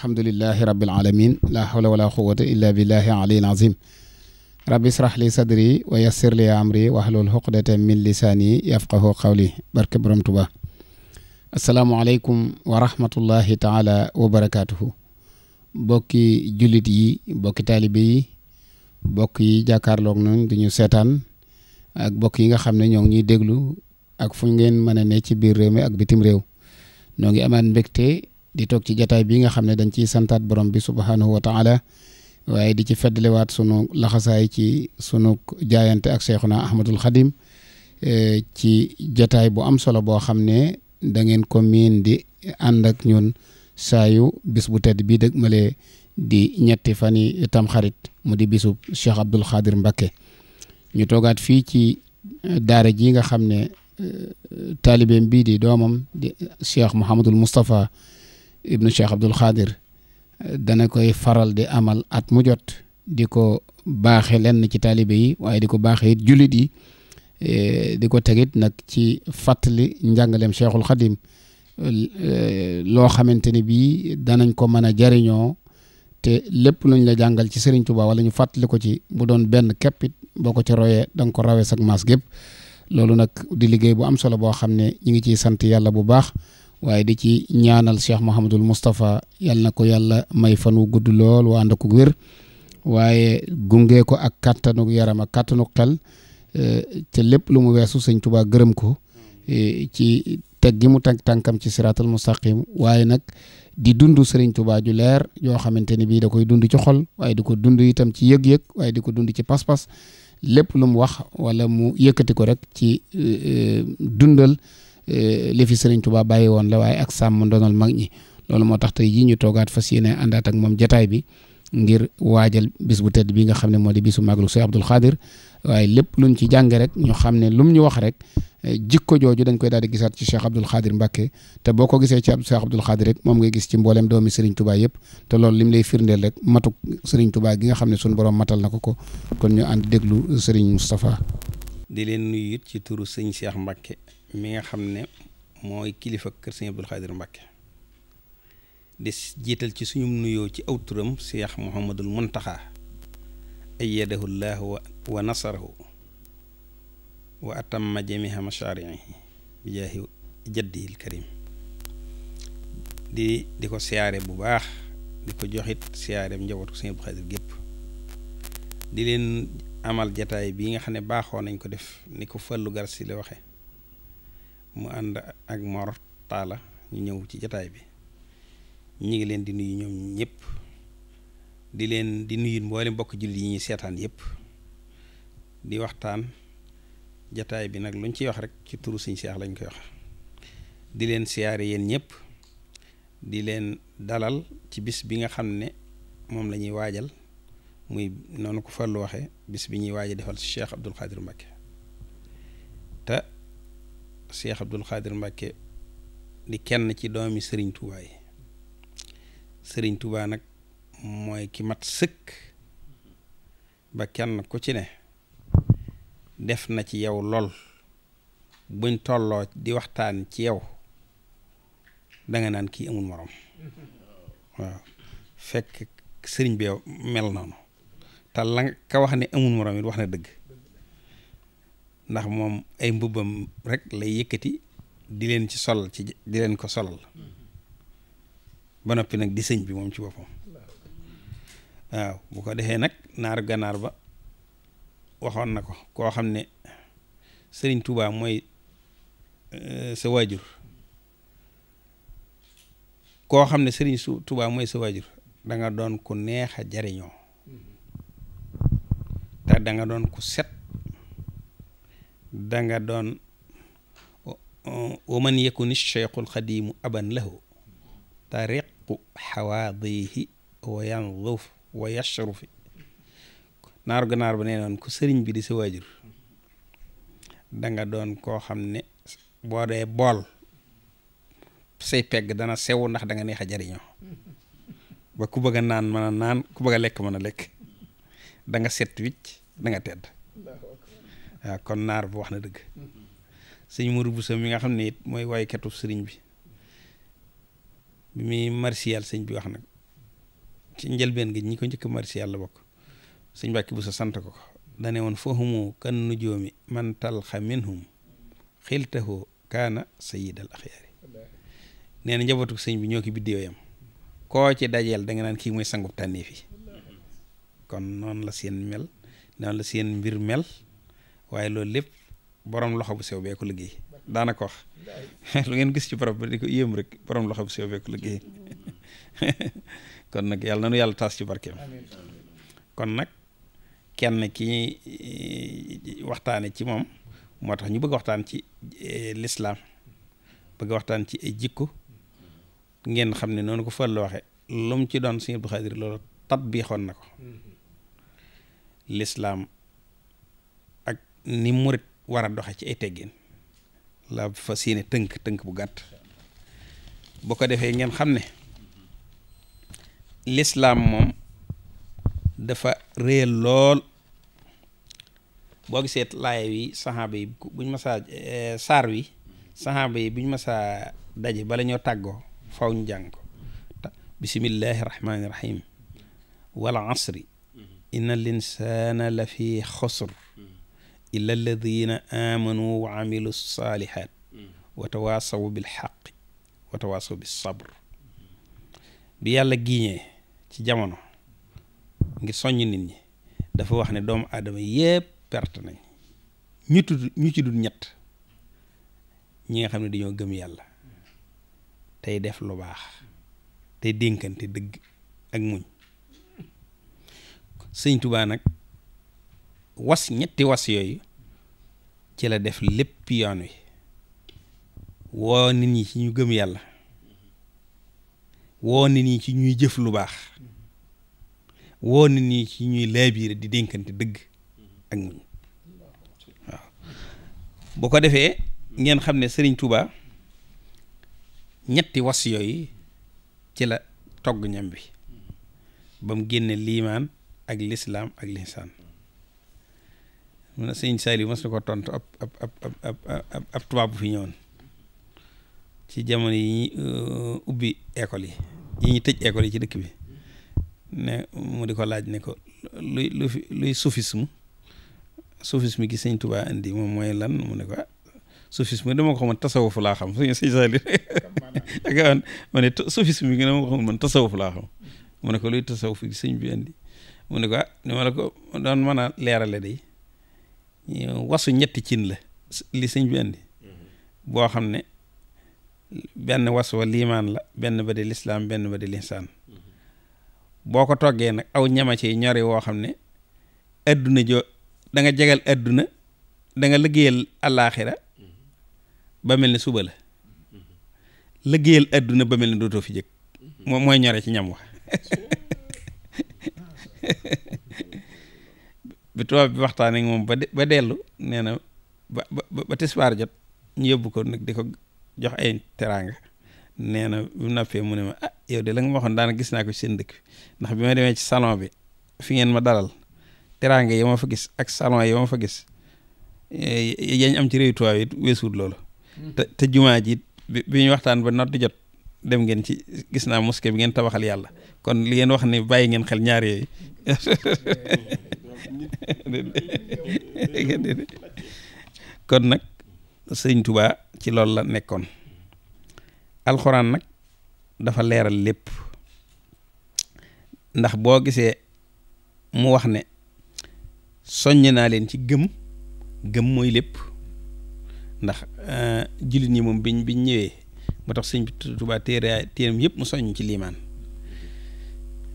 alhamdulillahi rabbil alamin la hawla wala quwwata illa billahi aliyil azim rabbi israh li sadri wa yassir li amri wahlul uqdatan min lisani yafqahu qawli barke borom Tuuba asalaamualeykum wa rahmatullahi taala wa barakaatuhu bokki jullit yi bokki taalibe yi bokk yi jàkkaarloog noonu di ñu seetaan ak bokk yi nga xam ne ñoo ngi ñuy déglu ak fu ngeen mën a ne ci biir réew mi ak bitim réew ñoo ngi amaat mbégte di toog ci jataay bii nga xam ne dañ ciy santaat borom bi subhaanahu wa taala waaye di ci feddliwaat sunu laxasaay ci sunu jaayante ak Cheikhuna Ahmadul Xadim e, ci jataay bu am solo boo xam ne da ngeen ko miin di ànd ak ñun saayu bis bu tedd bii dëgg malee di ñetti fani tamxarit mu di bisub Cheikh Abdoul Xadir Mbacké ñu toogaat fii ci e, daare ji nga xam ne e, taalibeem bii di doomam di Cheikh Mouhamadul ibnu cheikh abdul xaadir dana koy faral di amal at mu jot di ko baaxe lenn ci taalibe yi waaye di ko baaxe jullit yi e, di ko tegit nag ci fàttali njàngaleem cheikhul xadim e, loo xamante ni bii danañ ko mën a jariñoo te lépp luñ la jàngal ci Serigne Touba walla ñu fàttali ko ci bu doon benn keppit boo ko ci royee da ko rawee sag maas gépp loolu nag di liggéey bu am solo boo xam ne ñu ngi ciy sant yàlla bu baax waaye di ci ñaanal Cheikh Mouhamadul Moustapha yal na ko yàlla may fan gudd lool waa ànd ko wér waaye gunge ko ak kattanu yaram ak kattanu xel e, te lépp lu mu weesu sëñ Tuubaa gërëm ko e, ci teg mu teg tànkam ci siraatal mustaqim waaye nag di dundu sëriñ Tuubaa ju leer yoo xamante ni bii da koy dund ci xol waaye di ko dund itam ci yëg-yëg waaye di ko dund ci pas-pas lépp lu mu wax wala mu yëkkati ko rek ci e, dundal. Eh, li fi sëriñ Tuubaa bàyyi woon la waaye ak sàmm ndonal mag ñi loolu moo tax tey jii ñu toogaat fas yéene àndaat ak moom jataay bi ngir waajal bis bu tedd bi nga xam ne moo di bisu màggalu Sëriñ Abdul Xaadir waaye lépp luñ ci jànge rek ñu xam ne lum ñu wax rek eh, jikko jooju dañ koy daal di gisaat ci Cheikh Abdul Xaadir Mbàkke te boo ko gisee ci Cheikh Abdul Xaadir rek moom ngay gis ci mboolem doomi Serigne Touba yëpp te loolu lim lay firndeel rek matuk Serigne Touba gi nga xam ne sunu borom matal na ko ko kon ñu ànd déglu Serigne Moustapha. di leen nuyu it ci turu sëñ Cheikh Mbàkke mi nga xam ne mooy kilifa kër sëñ Abdou Khadre Mbacké di jiital ci suñu nuyoo ci aw turam Cheikh Mouhamadul Muntaxa ayyadahu llahu wa nasarahu wa atamma jamiha mashaarihi bi jaahi jaddihil karim di di ko siyaare bu baax di ko joxit siyaare njabootu sëñ Abdou Khadre gépp di leen amal jataay bi nga xam ne baaxoo nañ ko def ni ko fàllu gar si la waxe mu ànd ak Mor Talla ñu ñëw ci jataay bi ñu ngi leen di nuyu ñoom ñëpp di leen di nuyu mboole mbokk julli yi ñuy seetaan yëpp di waxtaan jataay bi nag luñ ciy wax rek ci turu siñ Seex lañ koy wax di leen siyaare yéen ñëpp di leen dalal ci bis bi nga xam ne moom lañuy waajal muy noonu ko Fallu waxe bis bi ñuy waajal defal Cheikh Abdoul Khadir Mbacké Cheikh Abdoul Khadir Mbacke di kenn ci doomi Serigne Touba yi Serigne Touba nag mooy ki mat sëkk ba kenn ku ci ne def na ci yow lool buñ tolloo di waxtaan ci yow danga naan kii amul moroom waaw fekk Serigne bi mel noonu te la ka wax ne amul morom it wax na dëgg. ndax moom ay mbubbam rek lay yëkkati di leen ci sol ci di leen ko solal ba noppi nag di sëñ bi moom ci boppam bu ko defee nag naaru ganaar ba waxoon na ko koo xam ne sëriñ tubaa mooy euh, sa waajur koo xam ne sëriñ Tuubaa mooy sa waajur da nga doon ku neex a jariñoo te da doon ku set danga doon waman yakun cheikhul xadimu aban lahu tariqu xawaadihi wa yanduf wa yashrufi naaru ganaar ba nee noon ku sëriñ bi di sa waajur danga doon koo xam ne boo dee bool say pegg dana sew ndax danga neex a jariñoo ba ku bëgg a naan mën a naan ku bëgg lekk mën a lekk danga set wicc danga tedd waaw kon naar bu wax na dëgg sëñ Mourou Bousso mi nga xam ne it mooy waykatu sëriñ bi bi muy marsiyaal sëñ bi wax nag ci njëlbeen gi ñi ko njëkk marsiyaal la bokk sëñ Mbàkke sa sant ko ko dane woon fahumu kan nujoomi man talxa minhum xiltahu kaana sayidal axyaari nee na njabootu sëñ bi ñoo ki biddéewam koo ci dajeel da naan kii mooy sangub tànnee fi kon noonu la seen mel noonu la seen mbir mel waaye loolu lépp borom loxo bu sew bee ko liggéey daanaka wax lu ngeen gis ci borom bi di ko yéem rek borom loxo bu sew bee ko liggéey kon nag yàlla na nu yàlla taas ci barkeem kon nag kenn ki eh, waxtaane ci moom moo tax ñu bëgg waxtaan ci eh, lislaam bëgg waxtaan ci ay jikko ngeen xam ne noonu ko fël waxe lu ci doon Sëñ Abdu Xaadir loolu tabbiixoon na ko mm-hmm. lislaam ni murit war a doxe ci ay teggin la fa séene tënk tënk bu gàtt boo ko defee ngeen xam ne lislaam moom dafa réel lool boo gisee laaya wi saxaaba yi buñ masaa eh, saar wi saxaaba yi buñ masaa daje bala ñoo tàggoo faw ñu jàng ko bismillahi rahmaani rahim asri inna al la fi xosr illa alladina amanu wa amilu saalihaat wa tawaasaw bil xaq wa tawaasaw bis sabr bi yàlla giiñee ci jamono ngir soññ nit ñi dafa wax ne doomu aadama yépp perte nañ ñu tudd ñu ci dul ñett ñi nga xam ne dañoo gëm yàlla tey def lu baax tey dénkante dëgg ak muñ sëñ Tuubaa nag was ñetti was yooyu ci la def lépp yoon wi woo nit ñi ci ñu gëm yàlla woo nit ñi ci ñuy jëf lu baax woo nit ñi ci ñuy laabiire di dénkante dëgg ak muñ waaw bu ko defee ngeen xam ne Sëriñ Tuubaa ñetti was yooyu ci la togg ñam bi ba mu génne liimaan ak lislaam ak linsaan mu ne sëñ Saliou mas na ko tontu ab ab bu fi ñëwoon ci jamono yi ñuy euh, ubbi école yi yi ñuy tëj école yi ci dëkk bi ne mu di ko laaj ne ko luy lu luy soufisme soufisme gi sëñ Tuubaa indi moom mooy lan mu ne ko ah soufisme dama ko xam man tasawufu laa xam sëñ sëñ ma ne soufisme gi dama ko xam man tasawufu laa xam mu ne ko luy tasawuf gi sëñ bi indi mu ne ko ah ni ma la ko doon mën a leerale day wasu ñetti cin la li sëñ bi boo xam ne benn was wa liimaan la benn ba di lislaam benn ba di linsaan boo ko toggee nag aw ñama ci ñori woo xam ne adduna jo danga jegal àdduna danga nga liggéeyal alaaxira ba mel ne suba la liggéeyal àdduna ba mel ne dootoo fi jëkk mooy ñore ci ñam wa bi tubaab bi waxtaan ak moom ba de ba dellu nee na ba ba ba tisbaar jot ñu yóbbu ko nag di ko jox ay teraanga nee na bu noppee mu ne ma ah yow de la nga ma waxoon daana gis naa ko seen dëkk ndax bi ma demee ci salon bi fi ngeen ma dalal teraanga yi ma fa gis ak salon yi ma fa gis eh, yañ am ci réew tubaab yi weesuut loolu. Mm-hmm. te te jumaa bi ñu waxtaan ba noot di jot dem ngeen ci gis naa muske bi ngeen tabaxal yàlla kon li ngeen wax ne bàyyi ngeen xel ñaar yooyu. kon nag sëñ Tuubaa ci loolu la nekkoon alxuraan nag dafa leeral lépp ndax boo gisee mu wax ne soññ naa leen ci gëm gëm mooy lépp ndax euh, jullit ñi moom biñ biñ ñëwee moo tax sëñ Tuubaa téere téeram yëpp mu soññ ci liimaan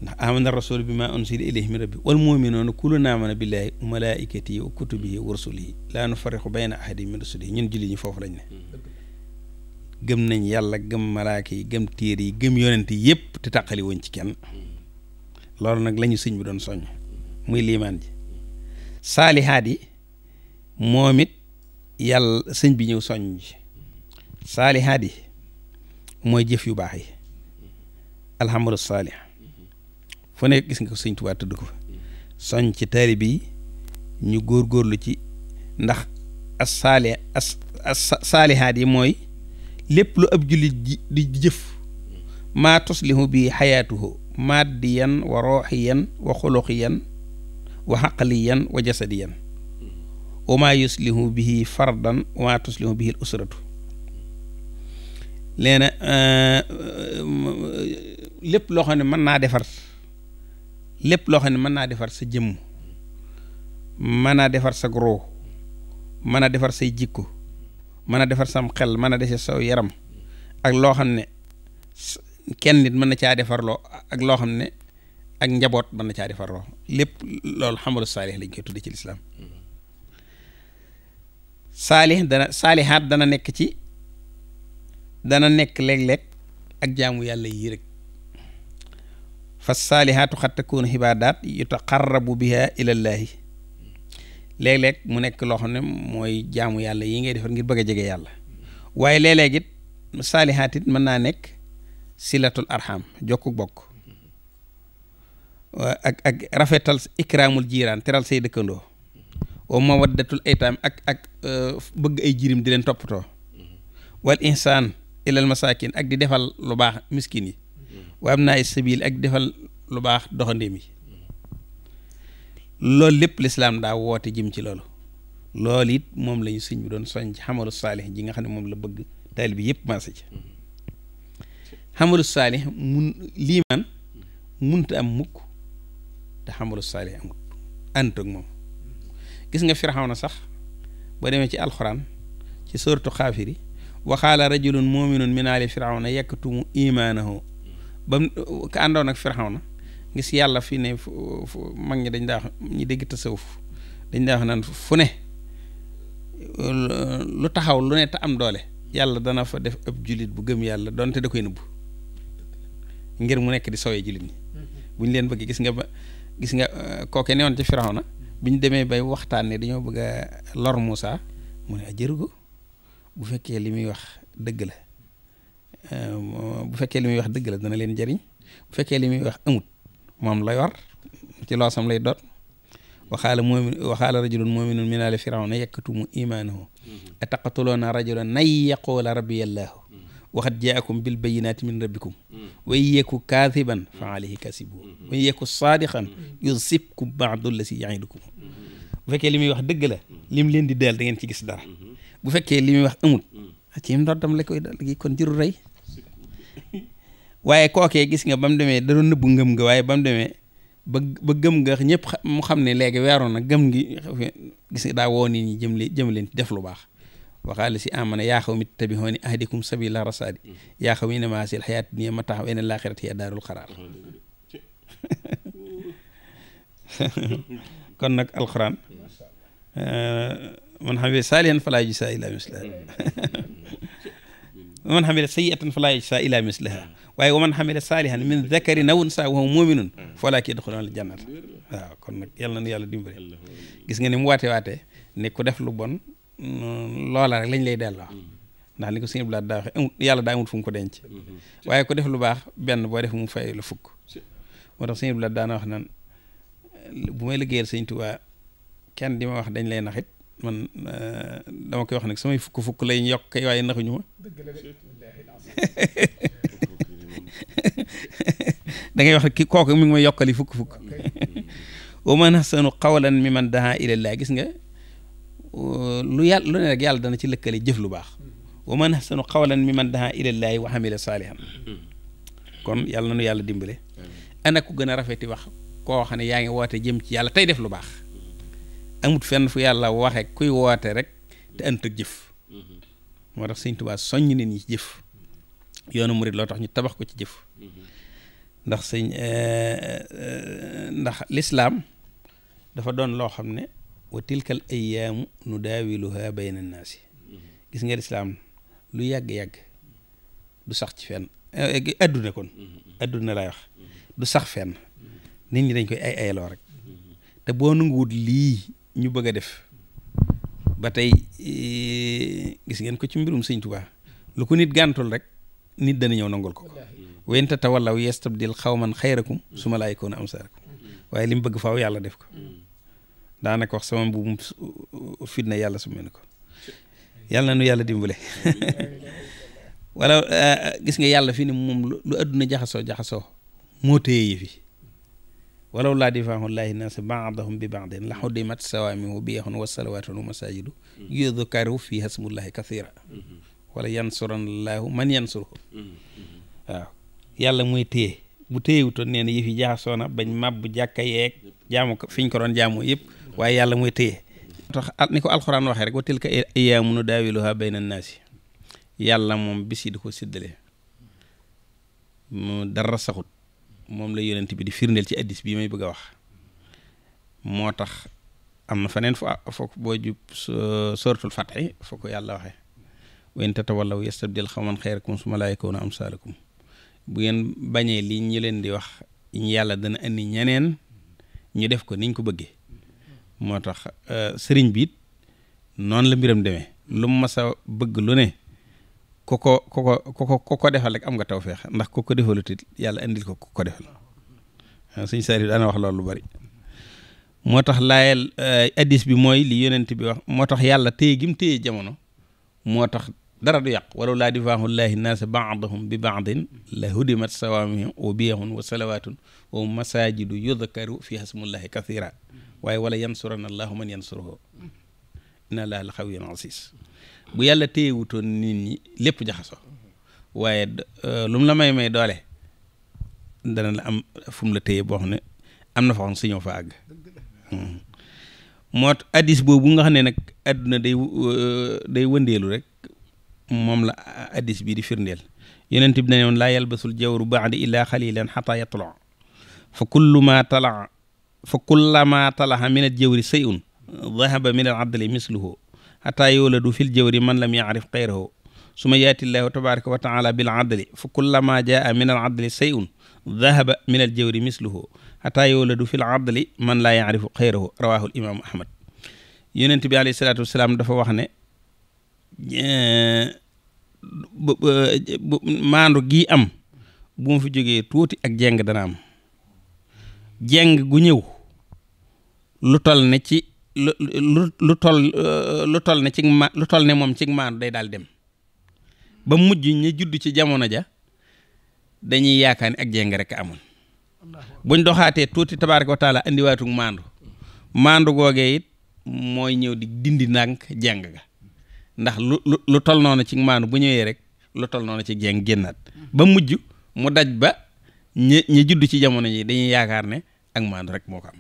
ndax amana rasul bi ma unsila ilayhi mi rabbi wal muminuuna kullun amana billahi wa malaikatihi wa kutubihi wa rusulihi laa nufarriqu bayna ahadin min rusulihi ñun julli ñu foofu lañ ne gëm nañ yàlla gëm malaaka yi gëm téere yi gëm yonent yi yëpp te tàqali woon ci kenn loolu nag lañu sëñ bi doon soññ muy liimaan ji saalihaat yi moom yàlla sëñ bi ñëw soññ ji saalihaat yi mooy jëf yu baax yi fu nekk gis nga ko sëñ Tuubaa ci taalibe yi ñu góorgóorlu ci ndax as saali as saalihaat mooy lépp lu ab jullit di jëf maa tuslihu bi xayaatuhu maadiyan wa rooxiyan wa xuluqiyan wa xaqliyan wa jasadiyan wa maa yuslihu bihi fardan wa maa tuslihu bihi l usratu euh, euh, lépp loo xam ne mën naa defar lépp loo xam ne mën naa defar sa jëmm mën naa defar sa ruu mën a defar say jikko mën a defar sam xel mën a dese saw yaram ak loo xam ne kenn nit mën na caa defar loo ak loo xam ne ak njaboot mën na caa defarloo lépp loolu xamalu saalix lañ koy tudde ci lislaam saalix dana saalixaat dana nekk ci dana nekk léeg-léeg ak jaamu yàlla yii rek fa saalihaatu xat takuunu xibaadaat yutaqarrabu biha ilallaahi léeg-léeg mu nekk loo ne mooy jaamu yàlla yi ngay defar ngir bëgg a jege yàlla waaye léeg-léeg mën naa nekk silatul arham jokku bokk ak ak rafetal ikraamul jiiraan teral say dëkkandoo wa mawaddatul aytaam ak ak e, bëgg ay jirim di leen toppatoo wal insaan ilal ak di defal lu baax miskin yi wa am naa ay sabil ak defal lu baax doxandéem yi loolu lépp lislaam daa woote jim ci loolu lool it moom lañu sëñ bi doon soññ ci xamalu saalix ji nga xam ne moom la bëgg taalibe bi yëpp maase ci xamalu saalix mun liimaan munta am mukk te xamalu saalix amut ànd ak moom gis nga Firawna sax boo demee ci alxuraan ci sortu xaafiri waxaala rajulun muminun min aali firawna yakkatumu imaanahu ba mu ka àndoon ak Firawna si yàlla fi ne fu mag ñi dañ daa wax ñi dégg tasawuf dañ daa wax naan fu ne lu taxaw lu ne te am doole yàlla dana fa def ab jullit bu gëm yàlla donte da koy nëbbu ngir mu nekk di sowee jullit ñi mm-hmm. bu leen bëgg gis nga ba gis nga uh, kooke newoon ci Firawna bi ñu demee bay waxtaan ne dañoo bëgg a lor Moussa mu ne a ah, bu fekkee li muy wax dëgg la Euh, bu fekkee li muy wax dëgg la dana leen jariñ bu fekkee li muy wax amut moom lay war ci loosam lay doon waxaala moomi waxaala rajulun muminun min aali firawna yakkatumu imaanahu mm-hmm. ataqatuluuna rajulan nay yaquula rabbi yallaahu mm-hmm. waxat jaakum bil bayinaati min rabbikum mm-hmm. way yeeku kaathiban fa alayhi kasibu way yeeku saadixan yusibkum baadu lasi yaidukum bu fekkee li muy wax dëgg la lim leen di deel da ngeen ci gis dara bu fekkee li muy wax amut ci ndoddam la koy dal gi kon jëru rey waaye kookee gis nga ba mu demee da doon nëbbu ngëm nga waaye ba mu demee ba ba gëm nga ñëpp mu xam ne léegi weeroon na gëm gi gis nga daa woo nit ñi jëm leen jëm leen def lu baax waxaale si amana yaa xaw mi tabihooni ahdikum sabila rasaadi yaa xaw mi namaasil xayaat dunya mataax wa inal laaxirat hiya daarul xaraar kon nag alxuraan eh, man xam ne saalihan falaa ji saa ila misla wa man xamila sayyi'atan falaa yajzaa illaa mislahaa waaye wa man xamila saalihan min zakarin aw unsaa wa huwa mu'minun fa'ulaaika yadxuluuna al-jannata waaw kon nag yal na nu yàlla dimbali gis nga ni mu waate waate ne ku def lu bon loola rek lañ lay delloo ndax ni ko sëñ Abdoulaye daa yàlla daa amul fu mu ko denc waaye ku def lu baax benn boo def mu fay la fukk moo tax sëñ Abdoulaye daana wax naan bu may liggéeyal sëñ Tuubaa kenn di ma wax dañ lay naxit man euh, dama koy wax nag samay fukk fukk lay yokk kay waaye naxuñu ma wax ki kooku mi ngi may yokkali fukk fukk wa man ahsanu qawlan man daa ilallah gis nga lu yàlla lu ne rek yàlla dana ci lëkkale jëf lu baax hmm. wa man ahsanu qawlan mimman daa ilallahi wa amila saalihan hmm. kon yàlla na nu yàlla dimbale ana ku gën a rafeti wax koo xam ne yaa ngi woote jëm ci yàlla tey def lu baax amut fenn fu yàlla waxe kuy woote rek te ënt jëf mm-hmm. moo tax sëñ Tuubaa soññ nit ñi ci jëf yoonu murit loo tax ñu tabax ko ci jëf mm-hmm. ndax sëñ eh, eh, ndax lislaam dafa doon loo xam ne wa tilkal ayyaamu nu daawiluha bayna naasi mm-hmm. gis nga lislaam lu yàgg-yàgg du sax ci fenn eh, adduna kon adduna laay wax du sax fenn nit ñi dañ koy ay ayaloo rek te boo nanguwut lii ñu bëgg a def ba tey eh, gis ngeen ko ci mbirum sëñ Tuubaa lu ko nit gàntul rek nit dana ñëw nangul ko wenta tawallaw yastabdil xaw xayrakum su ma laay koon amsaarakum waaye li bëgg faaw yàlla def ko daanaka wax sama mbuum fitna yàlla su mel ko yàlla na nu yàlla dimbale wala eh, gis nga yàlla fi ni moom lu adduna jaxasoo jaxasoo moo téye yi walaw laa difaahullaahi naasa baadahum bi baadin la xudimat sawaamihu biyahun wa salawaatun wa masaajidu yudkaru fiihaa smullaahi kathiira wala yansurallaahu man yansuruhu waaw yàlla mooy téye bu téyewutoon nee na yëf yi jaaxasoo na bañ màbb jàkka jaamu ko fi ko doon jaamu yëpp waaye yàlla mooy téye tax ni ko alxuraan waxee rek wa tilka ayyaamu nudaawiluhaa bayna naasi yàlla moom bis yi di ko séddale mu dara saxut moom la yonent bi di firndeel ci addis bi may bëgg a wax moo tax am na feneen fa foo boo jub suratul fatxi foo ko yàlla waxee wa in tatawallaw yastabdil xawman xayrakum summa laa yakunu amsaalakum bu ngeen bañee li ñu leen di wax yàlla dana indi ñeneen ñu def ko niñ ko bëggee moo tax euh, sëriñ bi it noonu la mbiram demee lu mu bëgg lu ne ku ko ko ku ko ku ko defal rek am nga tawféex ndax ku ko defalut it yàlla indil ko ku ko defal ah, suñ saari daana wax loolu lu bari moo tax laayal eh, addis bi mooy li yonent bi wax moo tax yàlla téye gim téye jamono moo tax dara du yàq walaw laa difaahu llaahi naasa bi baadin la hudimat sawaamihum wa biyahun wa salawaatun wa masaajidu yudkaru fi hasmullahi kathira waaye wala yansuran allahu man yansuruhu inna allaha la xawiyyun aziz bu yàlla téyewutoon nit ñi lépp jaxaso waaye euh, lu mu la may may doole dana la am fu mu la téye boo xam ne am na foo xam su ñëw fa àgg moo addis boobu nga xam ne nag àdduna day euh, day wëndeelu rek moom la addis bii di firndeel yonent bi ne woon laa yalbasul jawru baadi illaa xalilan xataa yatla fa kullu ma tala fa kullama talaxa min al jawri sayun dahaba min al adli misluhu xataa du fil jawri man la mi xayrahu suma yaati llaahu tabaraka wa taala bil adli fa kullama jaa min al adli sayun dahaba min al jawri misluhu xataa yawladu fil adli man laa yaarifu xayrahu rawahul imaamu ahmad yonent alayhi salaatu wasalaam dafa wax ne maandu gii am bu ma fi jógee tuuti ak jeng dana am jeng gu ñëw lu lu lu euh, lu toll ne ci ma lu toll ne moom ci maandu day daal dem ba mujj ñi judd ci jamono ja dañuy yaakaar ne ak jéng rek amoon buñ doxaatee tuuti tabaaraka wa taala indiwaatug maandu mooy ñëw di dindi ndànk jéng ga ndax lu lu lu toll noonu ci maandu bu ñëwee rek lu tol noonu ci jéng génnaat ba mujj mu daj ba ñi ñi judd ci jamono ji dañuy yaakaar ne ak maandu rek moo ko am.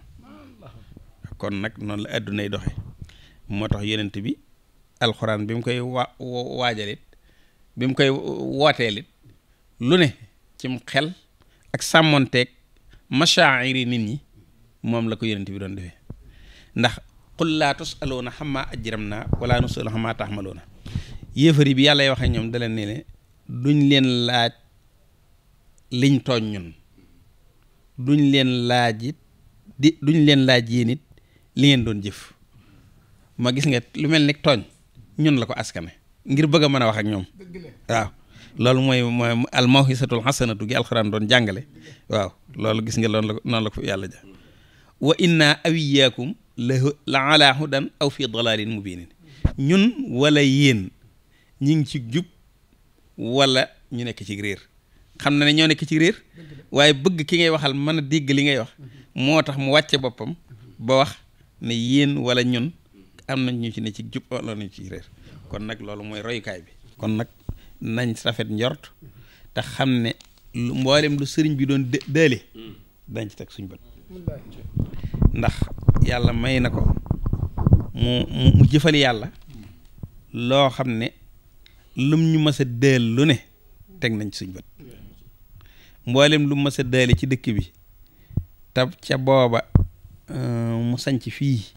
kon nag noonu la àddunay doxe moo tax yonent bi alxuraan bi mu koy wa waajalit bi mu koy wooteelit lu ne cim xel ak sàmmonteeg mashaa'iri nit ñi moom la ko yonent bi doon defee ndax qul laa tusaluuna xammaa ajram naa wala nusalu xammaa taxmaluuna yéefari bi yàlla waxe ñoom da leen ne duñ leen laaj liñ tooñ ñun duñ leen laaj it di duñ leen laaj yéen li ngeen doon jëf ma gis nga lu mel ni tooñ ñun la ko askane ngir bëgg a mën a wax ak ñoom waaw loolu mooy mooy al mawhisatul hasanatu gi alxuraan doon jàngale waaw loolu gis nga loolu la ko noonu la ko yàlla ja wa inna awiyaakum la ala aw fi dalalin mubinin ñun wala yéen ñi ngi ci jub wala ñu nekk ci réer xam na ne ñoo nekk ci réer waaye bëgg ki ngay waxal mën a dégg li ngay wax mm-hmm. moo tax mu wàcce boppam ba wax ne yéen wala ñun am nañ ñu ci ne ci jub wala ñu ci réer kon nag loolu mooy royukaay bi kon nag nañ safet njort te xam ne lu mboolem lu sëriñ bi doon dë dële dañ ci teg suñ bët ndax yàlla may na ko mu mu jëfal yàlla loo xam ne lum ñu mës a lu ne teg nañ ci suñ bët mboolem lu mës a ci dëkk bi tab ca booba Euh, mu sanc fii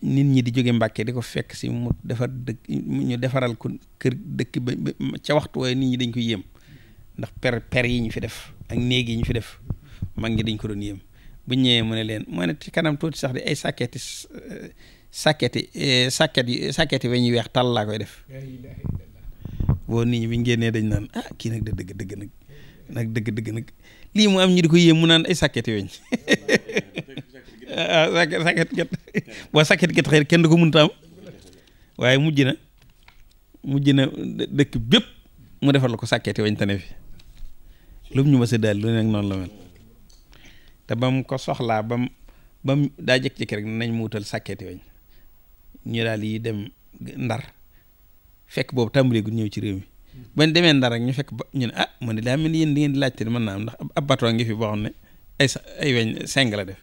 nit ñi di jóge Mbàkke di ko fekk si mu defar dëkk ñu defaral ko kër dëkk ba ca waxtu waaye nit ñi dañ ko yéem ndax per per yi ñu fi def ak néeg yi ñu fi def mag ngi dañ ko doon yéem bu ñëwee mu ne leen mu ci kanam sax di ay sàkketi sàkketi eh, sàkket yi sàkket yi ñu weex tàll laa koy def boo nit ñi génnee dañ naan ah kii nag da dëgg dëgg nag dëgg dëgg nag lii mu am ñu di ko yéem mu naan ay sàkketi weñ Euh, sakkat kat boo sakkat kat kenn du ko mun am waaye mujj na mujj na dëkk bépp mu defal la ko sakketi wañ tane fi lu ñu mës a daal lu nekk noonu la mel te ba mu ko soxlaa ba mu ba mu daa jékki-jékki rek nañ mu wutal sakketi wañ ñu daal yi dem ndar fekk boobu tàmbalee ñëw ci réew mi bañ demee ndar rek ñu fekk ba ñu ne a ah, man de daa mel ni yéen di ngeen di laajte mën naa am ndax ab bateau ngi fi boo xam ne ay ay weñ seng la def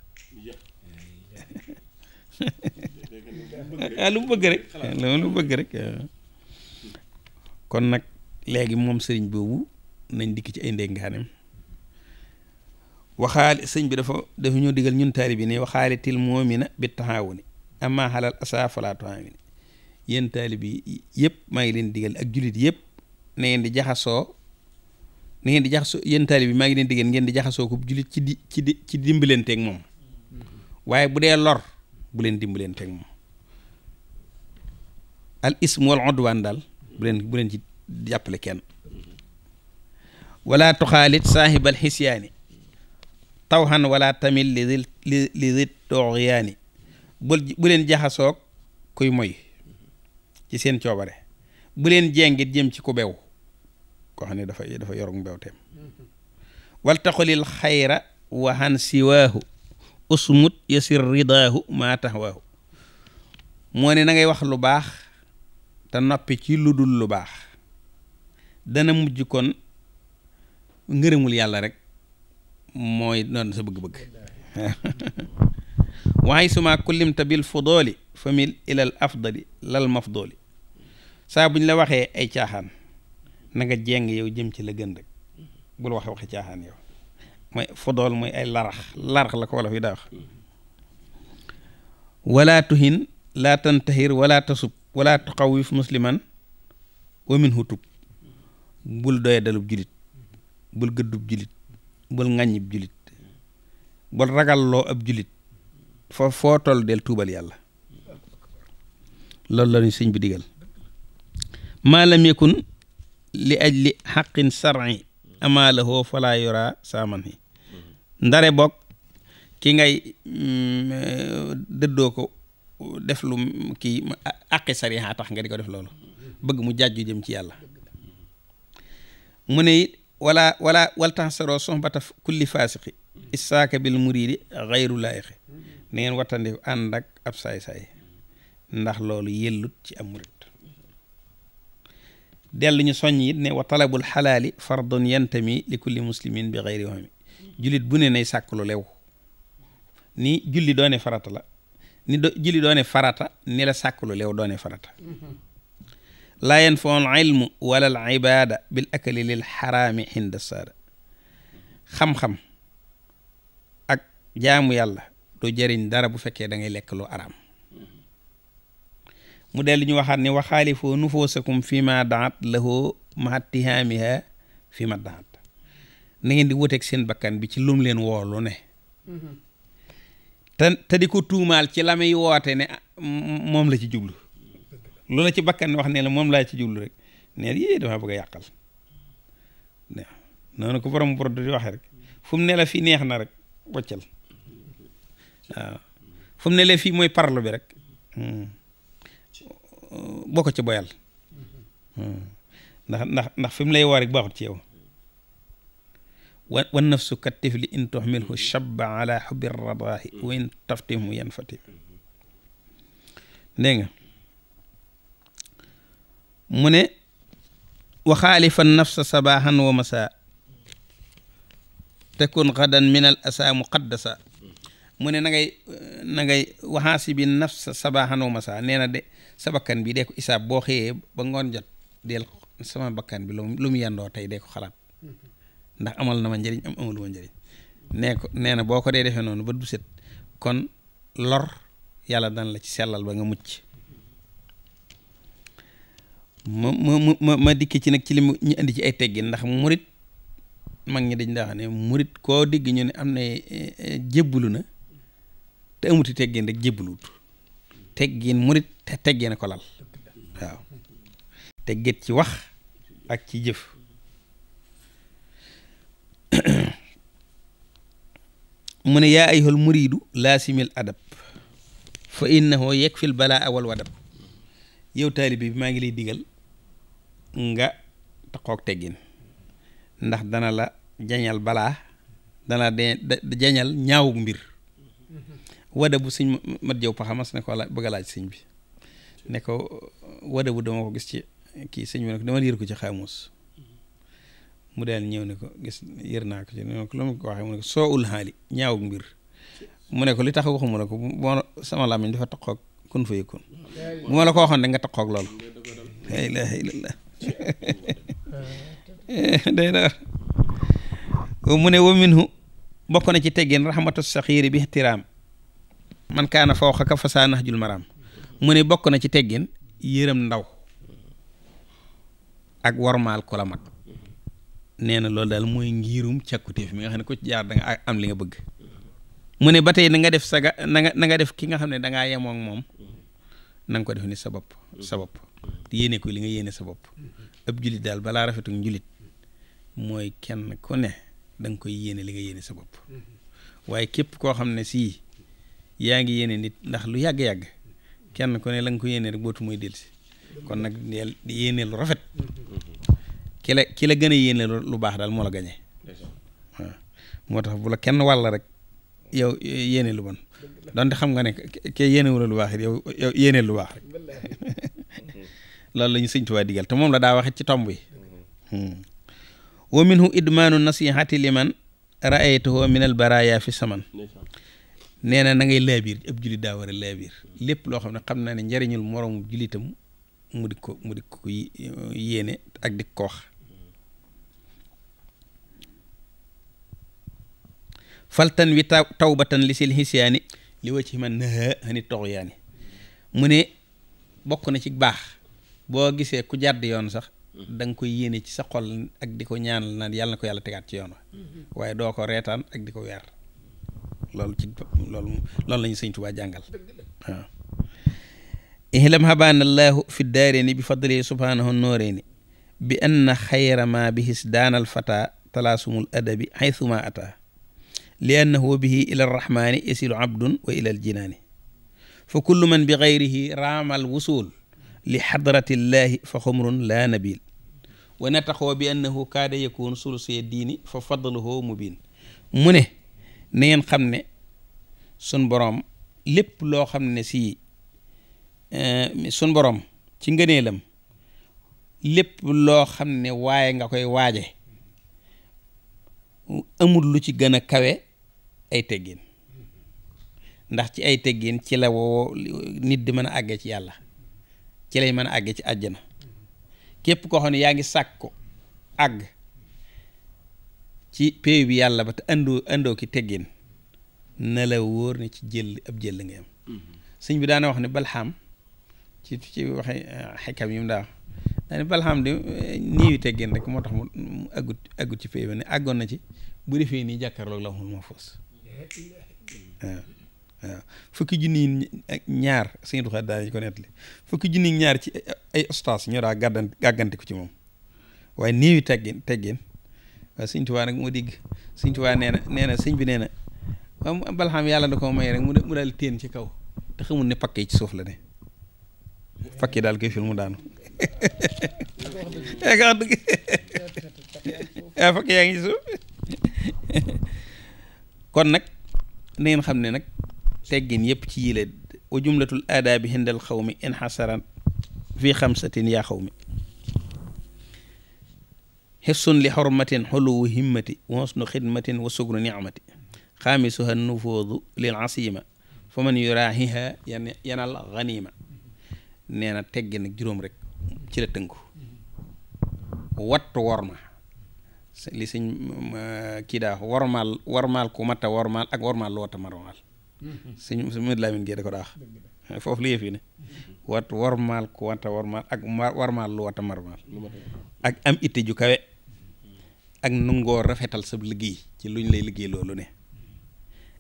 ah lu mu bëgg rek lu mu bëgg rek kon nag léegi moom sëriñ boobu nañ dikk ci ay ndénkaanem waxaale sëñ bi dafa dafa ñoo digal ñun taari bi ne waxaale til moomina bi taxaawuni amaa xalal asaa falaa taxaawuni yéen taalib yi yëpp maa ngi leen digal ak julit yëpp na ngeen di jaxasoo na ngeen di jaxasoo yéen taalib yi maa ngi leen digal ngeen di jaxasoo ko jullit ci di ci di ci dimbalanteeg moom waaye bu dee lor bu leen dimbaleen teg moom al ism wal udwaan daal bu leen jàppale kenn wala tuxaalit saahibal xisyaani tawxan wala tamit li li li li tooxiyaani bul bu leen jaxasoog kuy moy ci seen coobare bu jengit jëm ci ku bew koo xam dafa dafa mbew teem wal taxulil xayra waxan siwaahu usmut yasir ridaahu maa taxwaahu moo ne na ngay wax lu baax te noppi ci lu dul lu baax dana mujj kon ngërëmul yàlla rek mooy doon sa bëgg-bëgg waaye suma kullimta bil fudooli famil ilal afdali lal mafdooli saa bu ñu la waxee ay caaxaan na nga jeng yow jëm ci la gën rek bul waxe waxe caaxaan yow mooy fodool mooy ay larax larax la ko wolof yi daa wax wala tuhin laa tantahir wala tasub wala tuxawif musliman wa minhu bul doye julit bul gëddub julit bul ŋàññib julit bul ragalloo ab julit foo foo toll del tuubal yàlla loolu la ñu sëñ bi digal maa lam yakun li ajli xaqin amaa la hoo falaa yoraa saaman yi ndare bokk ki ngay mm, dëddoo ko def lu kii àqi sariha tax nga di ko def loolu bëgg mu jàjju jëm ci yàlla mu ne it wala wala waltansaroo soxbata kulli faasiqi issaaka bil muridi xayru laayiqi na ngeen wattandi ànd ab saay-saay ndax loolu yellut ci am murid delluñu ñu soññ it ne wa talabul xalaali fardun yantami li kulli muslimin bi xayri wami jullit bu ne nay sàkk lu lew ni julli doone farata la ni do julli doone farata ni la sàkk lu lew doone farata laa yanfaul ilmu wala al ibada bil akali lil xaraami inda saada xam-xam ak jaamu yàlla doo jëriñ dara bu fekkee da ngay lekk lu araam mu dellu ñu waxaat ne waxaalifoo nufoosakum fi ma daat lahoo ma tihaamiha fi ma daat na ngeen di wuteeg seen bakkan bi ci lum leen woolu ne te te di ko tuumaal ci la muy woote ne moom la ci jublu lu la ci bakkan wax ne la moom laa ci jublu rek ne yii damaa bëgg a yàqal noonu ko borom mu ne la fii neex na rek woccal rek hmm. boo ci boyal ndax ndax ndax lay waar rek baaxut ci wa wa nafsu kat tifli in tuhmilhu shabba ala hubbi radaahi wa in taftimhu yanfati dégg nga mu ne wa xaalifa nafsa sabahan wa masa takun gadan min al muqaddasa mu ne na ngay na ngay waxaasi bi nafsa wa masa nee de sa bakkan bi de ko isaab boo xëyee ba ngoon jot del sama bakkan bi lu mu yendoo tey de ko xalaat ndax amal na ma njariñ am amalu ma njëriñ nee ko nee na boo ko dee defee noonu ba du set kon lor yàlla dana la ci sellal ba nga mucc ma ma ma ma dikki ci nag ci li mu ñu indi ci ay teggin ndax murit mag ñi dañ daa xam ne murit koo digg ñu ne am na eh, eh, jébbalu na te amuti teggin rek jébbaluwut teggin murit te teggee ko lal waaw ci wax ak ci jëf mu ne yaa ayyuhal muriidu laasimil adab fa innahu yakfil balaa wal wadab yow taalibi bi maa ngi lay digal nga taxoog teggin ndax dana la jañal balaa dana la jañal ñaawug mbir wada bu sëñ mat jaw paxamas ne ko la bëgg a laaj sëñ bi ne ko wada bu dama ko gis ci kii sëñ bi ne ko dama yër ci xaamuus mu daal ñëw ne ko gis yër naa ko ci ne ko lu ne ko soo ul xaali ñaaw mbir mu ne ko li tax waxuma la ko boo sama làmmiñ dafa taqoog kun fa yëkkun bu ma la ko waxoon da nga taqoog loolu la ilaha illallah day na mu ne wa minhu bokk na ci teggin rahmatu saxiiri bi ihtiraam man kaana fawqa ka fasaa nax jul maraam mu ne bokk na ci teggin yërëm ndaw ak wormaal ko la mag nee na loolu daal mooy ngiirum càkkutéef mi nga xam ne ku ci jaar da nga am li nga bëgg mu ne ba tey na nga def saga na nga na nga def ki nga xam ne da yemoo moom na ko def ni sa bopp sa bopp yéene ko li nga yéene sa bopp ab daal balaa rafetuk njulit mooy kenn ku koy yéene li nga yéene sa bopp waaye képp koo xam ne sii yaa ngi yéene nit ndax lu yàgg-yàgg kenn ku ne la ko yéene rek bootu mooy delsi kon nag deel di yéene lu rafet kila la la gën a yéene lu baax daal moo la gañe waaw moo tax la rek yow yéene lu bon donte xam nga ne ke yéenewul lu baax it yow yow yéene lu baax rek loolu la ñu sëñ Tuubaa digal te moom la daa waxit ci tomb yi hmm. wa minhu idmaanu nasihati liman raaytuhu min al baraya fi saman nee na na ngay laabiir ab jullit daa war a laabiir lépp loo xam ne xam naa ne njariñul moromu jullitam mu di ko mu di ko eh, yéene ak di ko wax faltan wi taw tawbatan li sil xisiyaani li wa ci man naha hani toxuyaani mu ne bokk na ci baax boo gisee ku jàdd yoon sax da koy yéene ci sa xol ak di ko ñaan naan yàlla na ko yàlla tegaat ci yoon wa mm-hmm. waaye doo ko reetaan ak di ko weer lool ci loolu loolu la ñu allahu fi daareeni bi fadlihi subhaanahu nooreeni bi anna xayra ma bihis daanal fata talaasumul adabi xaythuma ataa li bihi ila arrahmaani yasilu abdun wa ila aljinaani fa kullu man bi gayrihi raamal wusul li xadrati llahi fa xumrun laa nabil wa bi annahu kaada yakunu sulusiya diini fa fadluhu mubin mu na xam ne sun boroom lépp loo xam ne si eh, sun boroom ci ngëneelam lépp loo xam ne waaye nga koy waaje amul lu ci gën a kawe ay teggin ndax ci ay teggin ci la woo nit di mën a àggee ci yàlla ci lay mën a àggee ci àjjana képp koo xam ne yaa ngi sàkku àgg ci pay bi yàlla ba te andoo andoo ki teggin na wóor ne ci jël ab jël nga am mm-hmm. sëñ bi daana wax ne balxaam ci ci waxe eh, xekkam yi mu daa daa ne balxaam di eh, niiwi teggin rek moo tax mu aggut aggut ci pay ba ne àggoon na ci bu defee nii jàkkaarloog la xul ma foos fukki junni ak ñaar sëñ Duxaat daanañ ko nettali fukki junni ñaar ci eh, ay ustaas ñoo daa gàddan gàggantiku ci moom waaye niiwi teggin teggin waaw sëñ Tuubaa nag moo digg sëñ Tuubaa nee na nee na sëñ bi nee na waaw balxam yàlla da ko may rek mu mu daal téen ci kaw te xamul ne pakk ci suuf la ne pakk yi daal koy fil mu daanu yaa fakk yaa ngi suuf kon nag na ngeen xam ne nag teggin yëpp ci yile wa jumlatul aadaabi hindal xaw mi inxasaran fii xamsatin yaa xaw mi xifsun li xormatin xuluwu himmati wa xusnu xidmatin wa sugru nicmati xaamisuha nufoodu lil asima fa man yuraahiha yan yanal ganima nee na teggi nag juróom rek ci la tënku wattu worma li sëñ kii daa ku matta wormaal ak wormaal lu watta marmaal ak am itte ju kawe ak nangoo rafetal sa liggéey ci lu ñu lay liggéey loolu ne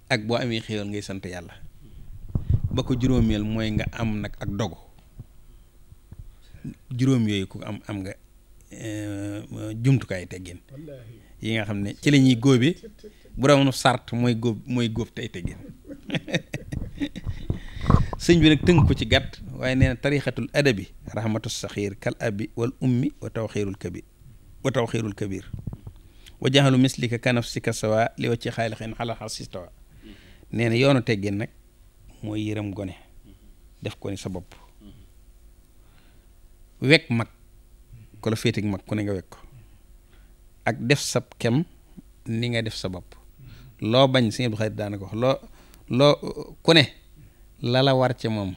ak boo amee xéewal ngay sant yàlla ba ko juróomeel mooy nga am nag ak dogu juróom am am nga eh, jumtukaay teggin yi nga xam ne ci lañuy ñuy góobee bu doon sart mooy góob mooy góob tey teggin sëñ bi nag tënk ko ci gàtt waaye nee tarixatul adabi rahmatu saxiir kal abi wal ummi wa taw xiirul kabir wa taw kabir wa jaxalu mislika kanaf si kasawa li wacci xaali xen xalal xas sistawa nee na yoonu teggin nag mooy yërëm gone def ko ni sa bopp wekk mag ku la féetig mag ku ne nga def sa kem ni nga def sa bopp loo bañ si bu xarit daana ko wax loo loo ku ne la la war ci moom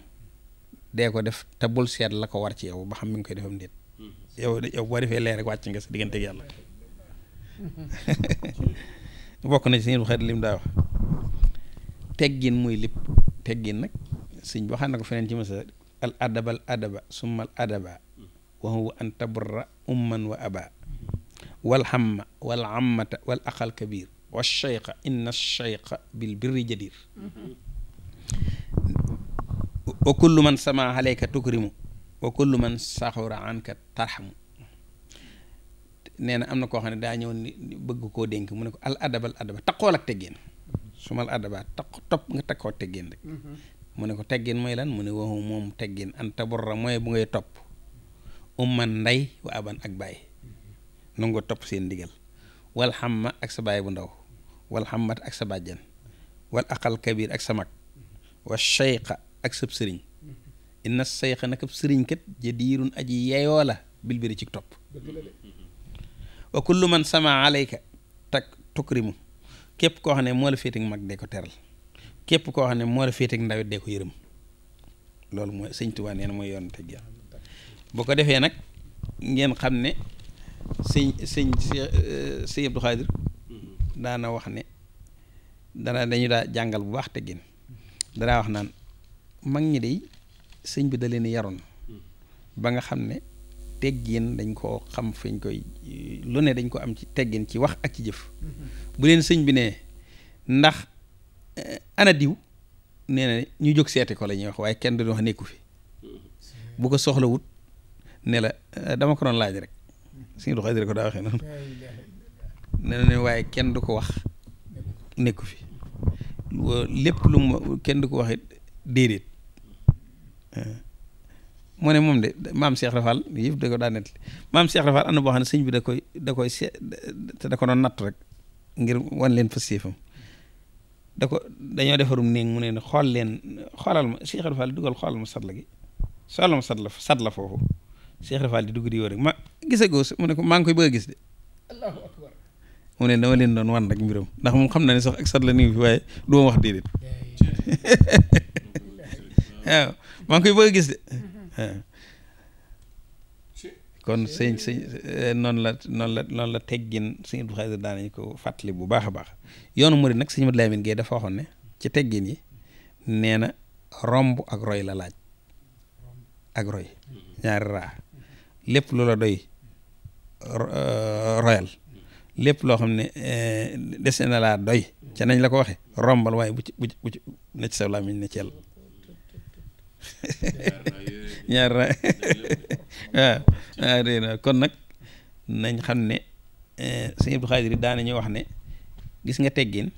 dee ko def te bul seet la ko war ci yow ba xam mi ngi koy defam déet mm-hmm. yow yow boo defee leer rek wàcc nga sa diggante yàlla bokk na ci seen xeet lim daa teggin muy lépp teggin nag sëñ bi waxaan na ko feneen ci masa al adaba al adaba summa al wa huwa an taburra umman wa aba wal hamma wal ammata kabir wa cheikha inna cheikha bil birri jadir wa kullu man sama alayka tukrimu wa kullu man saxura anka tarhamu nee na am na koo xam ne daa ñëw ni bëgg koo dénk mu ne ko al adabal adaba taqool ak teggeen su mal adaba taq topp nga takkoo teggeen rek mm-hmm. mu ne ko teggeen mooy lan mu ne waxu moom teggeen an taburra mooy bu ngay topp umman ndey wa aban ak baay nangoo topp seen ndigal wal xamma ak sa baay bu ndaw wal xammat ak sa bàjjan wal aqal kabir ak sa mag wa cheyqa ak sab sëriñ mm-hmm. inna seyqa nakab sëriñ kat jadiirun aji yeyoo la bilbiri ci topp wa kullu man sama alayka tak tukrimu képp koo xam ne moo la féeteeg mag de ko teral képp koo xam ne moo la féeteeg ndawet de ko yërëm loolu mooy sëñ Tuubaa nee mooy yoon teg ya bu ko defee nag ngeen xam ne sëñ sëñ sëñ Abdou Khadir daana wax ne dana dañu daa jàngal bu baax teggin danaa wax naan mag ñi de sëñ bi da leen yaroon ba nga xam ne teggin dañ koo xam fañ koy lu ne dañ ko am ci teggin ci wax ak ci jëf mm-hmm. bu leen sëñ bi ne ndax eh, ana diw nee na ñu jóg seeti ko la ñuy wax waaye kenn du wax nekku fi mm-hmm. bu ko soxlawut ne la eh, dama ko doon laaj rek suñu doxee rek ko daa waaye kenn du ko wax nekku fi lépp lu ma kenn du ko wax déedéet. Mm-hmm. Eh. mu ne moom de maam Cheikh Rafal yëpp da ko daa nett maam Cheikh Rafal am na boo xam ne sëñ bi da koy da koy te da ko doon natt rek ngir wan leen fas yéefam da ko dañoo defarum néeg mu ne xool leen xoolal ma Cheikh Rafal dugal xoolal ma satla gi xoolal ma satla satla foofu Cheikh Rafal di dugg di rek ma gise goos mu ne ko maa ngi koy bëgg a gis de allahu akbar ne dama leen doon wan rek mbiram ndax moom xam na ne sax ak satla ni fi waaye du ma wax déedéet waaw maa koy bëgg a gis Eh. kon sëñ sëñ eh, noonu la noonu la noonu la teggin sëñ Abdou Khadre daan ko fàttali bu baax a baax yoonu murid nag sëñ Modou Lamine Gueye dafa waxoon ne ci teggin yi nee na romb ak roy la laaj ak roy ñaari raa lépp lu la doy eh, royal lépp loo xam ne dese na laa doy ca nañ la ko waxe rombal waaye bu ci bu ci na ci saw làmmiñ ne ceel ñaar ra waaw waaw dé kon nag nañ xam ne eh, sëñ Abdou Khadir daana ñu wax ne gis nga teggin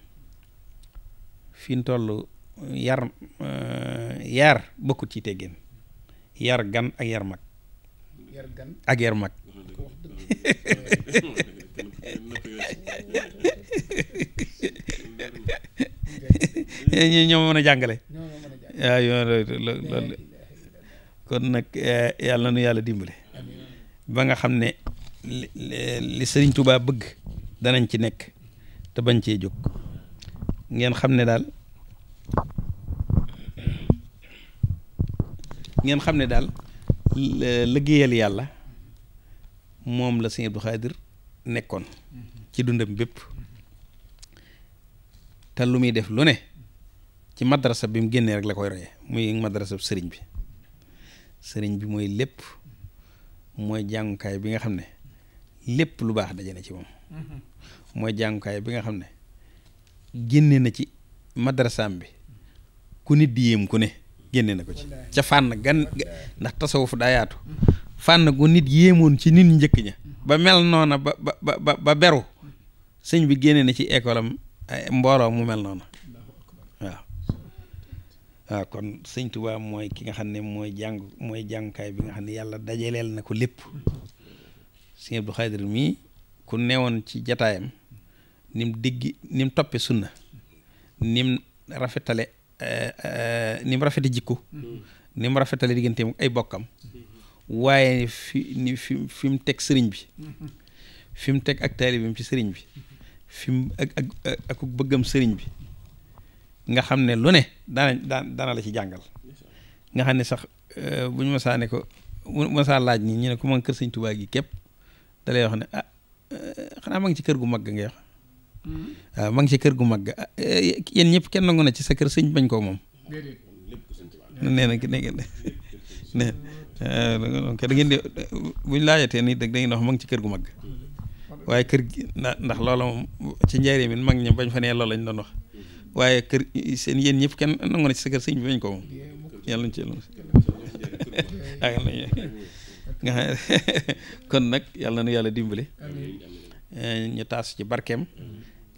fi mu toll yar eh, yar bokkut ci teggin yar gan ak yar mag yar ñoo mën a jàngale waaw yoon loolu kon nag eh, yàlla na nu yàlla dimbale ba nga xam ne li Sëriñ Tuubaa bëgg danañ ci nekk te bañ cee jóg ngeen xam ne daal ngeen xam ne daal liggéeyal yàlla moom la Sëñ Abdu Xaadir nekkoon ci dundam bépp te lu muy def lu ne ci bi mu génnee rek la koy royee muy madrasa sëriñ bi sëriñ bi mooy lépp mooy jàngukaay bi nga xam ne lépp lu baax daje ci moom mm-hmm. mooy jàngukaay bi nga xam ne génne na ci madrasaam bi ku nit di yéem ku ne génne na ko ci ca fànn gan ndax tasawuf daa yaatu mm-hmm. fànn gu nit yéemoon ci nit njëkk ña mm-hmm. ba mel noona ba ba ba beru sëñ bi génne na ci école mbooloo mu mel noona waaw ah, kon sëñ Tuubaa mooy ki nga xam ne mooy jàng mooy jàngukaay bi nga xam ne yàlla dajaleel na ko lépp sëñ Abdou Khadir mii ku newoon ci jataayam nim diggi nim toppe sunna nim rafetale eh, eh, nim rafete jikku nim rafetale digganteem ay bokkam waaye fi ni fi teg sëriñ bi fi mu teg ak taalibeem ci sëriñ bi fi mu ak ak ak bëggam sëriñ bi nga xam ne lu ne dana daan dana la ci jàngal nga xam ne sax euh, bu ñu masaa ne ko masaa laaj nii ñu ne ku ma kër sëñ Tuubaa gi képp da wax ne ah, euh, xanaa ma ngi ci kër gu mag ngay wax waaw mm-hmm. ah, ma ngi ci kër gu mag ah, eh, yéen ñëpp kenn nangu na ci sa kër sëñ bañ moom nee na ki nekk nii da ngeen wax ma ngi ci kër gu mag mm-hmm. waaye kër gi ndax loola moom ci njëriñ mi mag ñi bañ fa nee loolu lañ doon wax waaye kër seen yéen ñëpp kenn nangu na ci sa kër sëñ bi bañ ko moom yàlla ñu nag yàlla na yàlla dimbale ñu taasu ci barkeem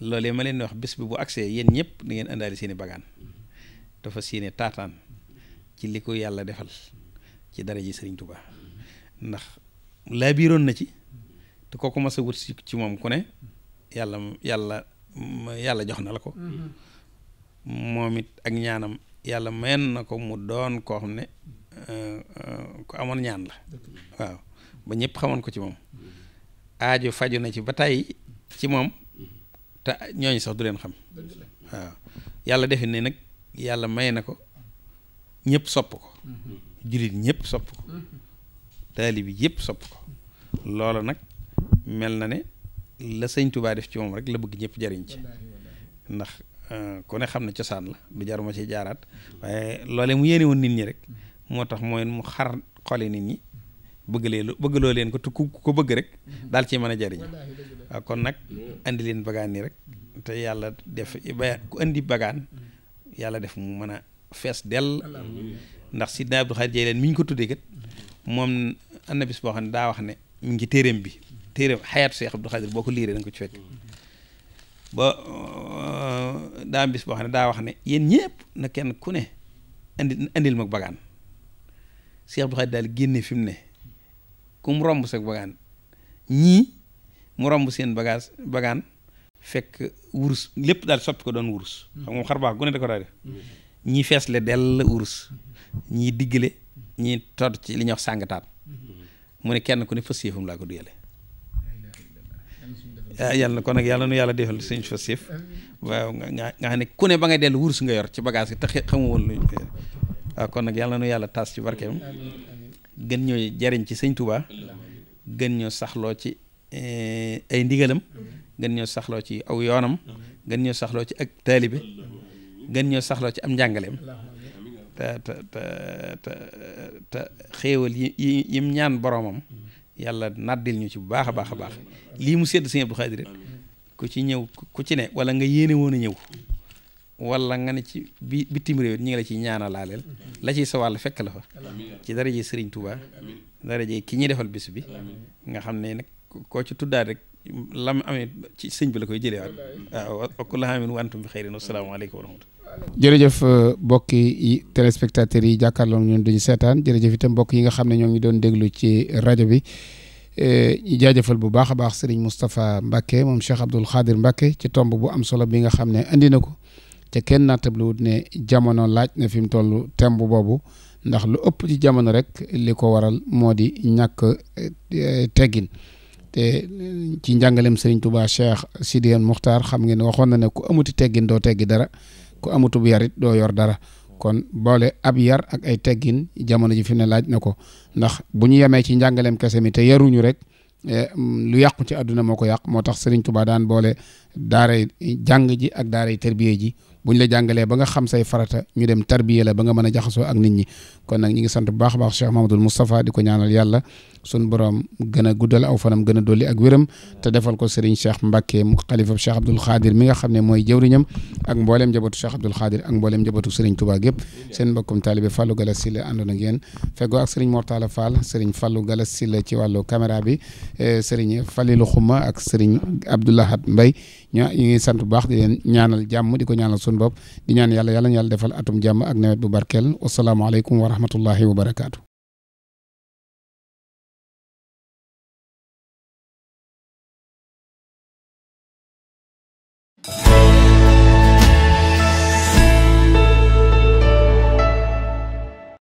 loolee ma leen wax bés bi bu agsee yéen ñëpp da ngeen àndaale seeni bagaan dafa siine taataan ci li ko yàlla defal ci dara ji sëriñ Tuubaa ndax laa biiroon na ci te kooku mas a wut ci moom ku ne yàlla yàlla yàlla jox na la ko moom it ak ñaanam yàlla mayoon na ko mu doon koo xam ne euh, euh, ku amoon ñaan la waaw ba ñëpp xamoon ko ci moom aajo faju na ci ba tàyyi ci moom te ñooñu sax du leen xam waaw yàlla defe ne nag yàlla may na ko ñëpp sopp ko mm-hmm. jullit ñëpp sopp ko mm-hmm. taalibi yëpp sopp ko loolu nag mel na ne la sëñ Tuubaa def ci moom rek la bëgg ñëpp jariñ ci ndax Euh, ku ne xam ne cosaan la du jar ma ci jaaraat waaye loole mu yéene woon nit ñi rek moo tax mooy mu xar xoli nit ñi bëgg leen bëgg loo leen ko te ku ko bëgg rek daal ci mën a jariñu kon nag indi leen bagaan nii rek te yàlla def ba ku indi bagaan yàlla def mu mën a fees dell ndax Sidna Abdou Khadir Jeylaani mi ñu ko tuddee kat moom am na bis boo xam ne daa wax ne mi ngi téeréem bi téeréem xayaatu Seex Abdou Khadir boo ko liiree da ko ci fekk ba uh, daa bis boo xam ne daa wax ne yéen ñëpp na kenn ku ne indi indil ma bagaan Cheikh Abdou Khadre daal génne fi mu ne ku mu romb sa bagaan ñii seen bagage bagaan fekk wurus lépp daal soppi ko doon wurus xam moom xar baax gu ne da ko daa def ñii fees le dell wurus ñii diggale ñii todd ci li ñuy wax sàngataat mu ne kenn ku ne fas yéefam laa ko duyale Eh, yàlla kon nag yàlla nu yàlla defal suñ fa siif waaw nga xam ne ku ne ba ngay dellu wurus nga yor ci bagage yi te xamu woon lu waaw kon nag yàlla nu yàlla taas ci barkeem gën ñoo jariñ ci sañ Touba gën ñoo saxloo ci eh, ay gën ñoo saxloo ci aw yoonam gën ñoo saxloo ci ak taalibe gën ñoo saxloo ci am njàngaleem te te yi yim ñaan boroomam yàlla nàddil ñu ci bu baax a baax a baax lii mu sedd sëñ Abdou Khadir ku ci ñëw ku ci ne wala nga yéene woon a ñëw wala nga ne ci bi bitim réew ñu ngi la ciy ñaanalaaleel la ciy sa wàll fekk la fa ci daraje Serigne Touba daraje ki ñuy defal bis bi nga xam ne nag koo ci tuddaat rek lam amee ci sëñ bi la koy jëlee waat waaw akula amin wa antum bi xeyrin wasalaamaaleykum wa rahmatullah jërëjëf euh, mbokki yi téléspectateurs yi jàkkaarloo ñun duñu seetaan jërëjëf itam mbokk yi nga xam ne ñoo ngi doon déglu ci rajo bi Eh, jaajëfal bu baax a baax Serigne Moustapha Mbacke moom Cheikh Abdoul Khadir Mbacke ci tomb bu am solo bi nga xam ne andi na ko te kenn naatablewut ne jamono laaj na fi mu toll temb boobu ndax lu ëpp ci jamono rek li ko waral moo di ñàkk eh, teggin te eh, ci njàngaleem seriñ Touba Cheikh Sidiane Mokhtar xam ngeen ne waxoon na ne ku amuti teggin doo teggi dara ku amutub yarit doo yor dara. kon boole ab yar ak ay teggin jamono ji fi ne laaj na ko ndax bu ñu yemee ci njàngaleem kese mi te yaruñu rek eh, lu yàqu ci àdduna moo ko yàq moo tax Sëriñ Tuubaa daan boole daaray jàng ji ak daaray tërbiye ji buñ la jàngalee ba nga xam say farata ñu dem tarbiya la ba nga mën a jaxasoo ak nit ñi kon nag ñi ngi sant bu baax a baax Cheikh Mamadou Moustapha di ko ñaanal yàlla sun borom gën a guddal aw fanam gën a dolli ak wéram te defal ko Serigne Cheikh Mbacke mu xalifa Cheikh Abdoul Khadir mi nga xam ne mooy jëwriñam ak mbooleem njabootu Cheikh Abdoul Khadir ak mbooleem njabootu Serigne Touba gépp seen mbokkum taalibe Fallou Galass Sylla àndoon ak yéen feggoo ak Serigne Mortala Fall Serigne Fallou Galass Sylla ci wàllu caméra bi eh, Serigne Falilou Xuma ak Serigne Abdoulahat mbay ñoo ñu ngi sant bu baax di leen ñaanal jàmm di ko ñaanal suñu bopp di ñaan yàlla yàlla ñu defal atum jàmm ak nawet bu barkeel wasalaamaaleykum wa rahmatullahi wa barakaatu.